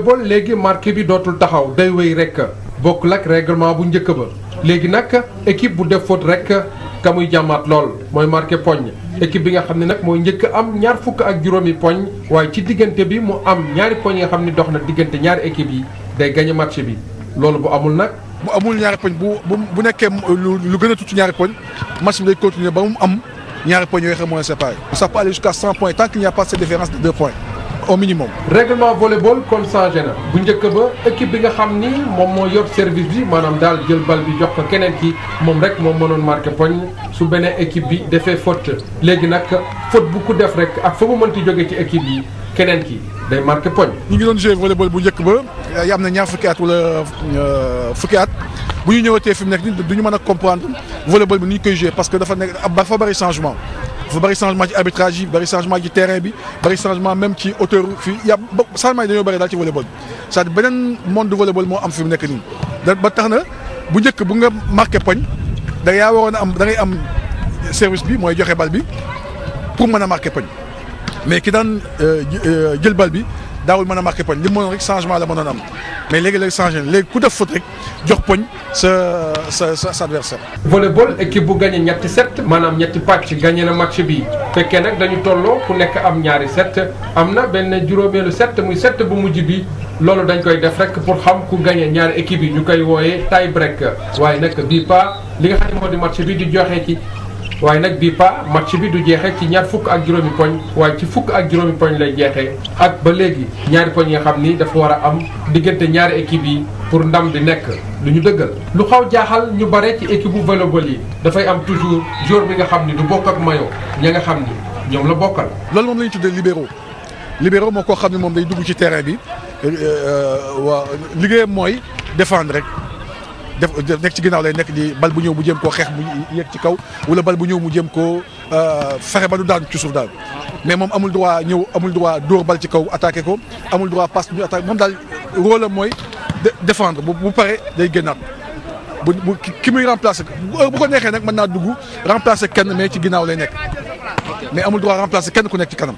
bool léegi marqué bi dootul taxaw day wéy rek bokkul ak règlement bu njëkk ba léegi nag équipe bu def foot rek ka muy jàmmaat lool mooy marqué poñ équipe bi nga xam ne nag mooy njëkk am ñaar fukk ak juróomi poñ waaye ci diggante bi mu am ñaari poñ yi nga xam ne dox na diggante ñaari équipe yi day gañe match bi loolu bu amul nag. bu amul ñaari poñ bu bu nekkee lu gën a tuuti ñaari poñ match bi day continuer ba mu am ñaari poñ yooyu xam mooy séparé. ça peut aller a pas cette différence de au minimum. règlement volleyball kon changé na bu njëkk ba équipe bi nga xam ni moom moo yor service bi maanaam daal jël bal bi jox ko keneen ki moom rek moom mënoon marqué poñ su beneen équipe bi defee faute léegi nag faute bu ko def rek ak fa mu mënti jóge ci équipe yi keneen ki day marqué poñ. ñu ngi doon joué volleyball bu njëkk ba yi am na ñaar fukki at wala euh, fukki at. bu ñu ñëwatee fi mu nekk nii du ñu mën a comprendre volleyball bi ni ñu koy parce que dafa nekk dafa bëri changement. dafa bari changement ci arbitrage bari bëri changement ci terrain bi bëri changement même ci hauteur fii y' a ba changement yi beneen monde du volleyball moo am fi mu nekk nii. da ba tax na bu njëkk bu nga marqué poñ da yaa waroon a am dangay am service bi mooy joxe bal bi pour mën a marqué poñ mais ki daan euh, euh, jël bal bi. daawul mën a marqué poñ li mu mënoon rek changement la mënoon am mais léegi léegi changé na léegi ku def faute rek jox poñ sa sa sa adversaire. volleyball équipe bu gagné ñetti set maanaam ñetti pàcc gagné na match bi fekkee nag dañu tolloo ku nekk am ñaari set am na benn juróomeelu set muy set bu mujj bi loolu dañ koy def rek pour xam ku gagné ñaari équipe yi ñu koy wooyee tie break waaye nag bii pas li nga xam ne moo di match bi di joxe ci. waaye nag bii pa match bi du jeexee ci ñaar fukk ak juróomi poñ waaye ci fukk ak juróomi poñ lay jeexee ak ba léegi ñaari poñ yi xam ni dafa war a am diggante ñaari équipe yi pour ndam bi nekk lu ñu dëggal lu xaw jaaxal ñu bare ci équipe bu volleyball yi dafay am toujours joueur bi nga xam ni du bokk ak mayo ña nga xam ni ñoom la bokkal. loolu moom la ñu tuddee libéraux libéraux moo koo xam ne moom day dugg ci terrain bi euh, euh, waa liggéeyam mooy défendre rek. def nekk ci ginnaaw lay nekk di bal bu ñëw mu jëm koo xeex mu yéeg ci kaw wala bal bu ñëw mu jëm koo euh, fexe ba du daan ci suuf daal mais moom amul droit ñëw amul droit dóor bal ci kaw attaqué ko amul droit passe ñu attaqué moom daal rôle am mooy défendre bu bu pare day génnaat bu bu ki muy remplacer bu ko neexee nag mën naa dugg remplacer kenn mais ci ginnaaw lay nekk mais amul droit remplacer kenn ku nekk ci kanam.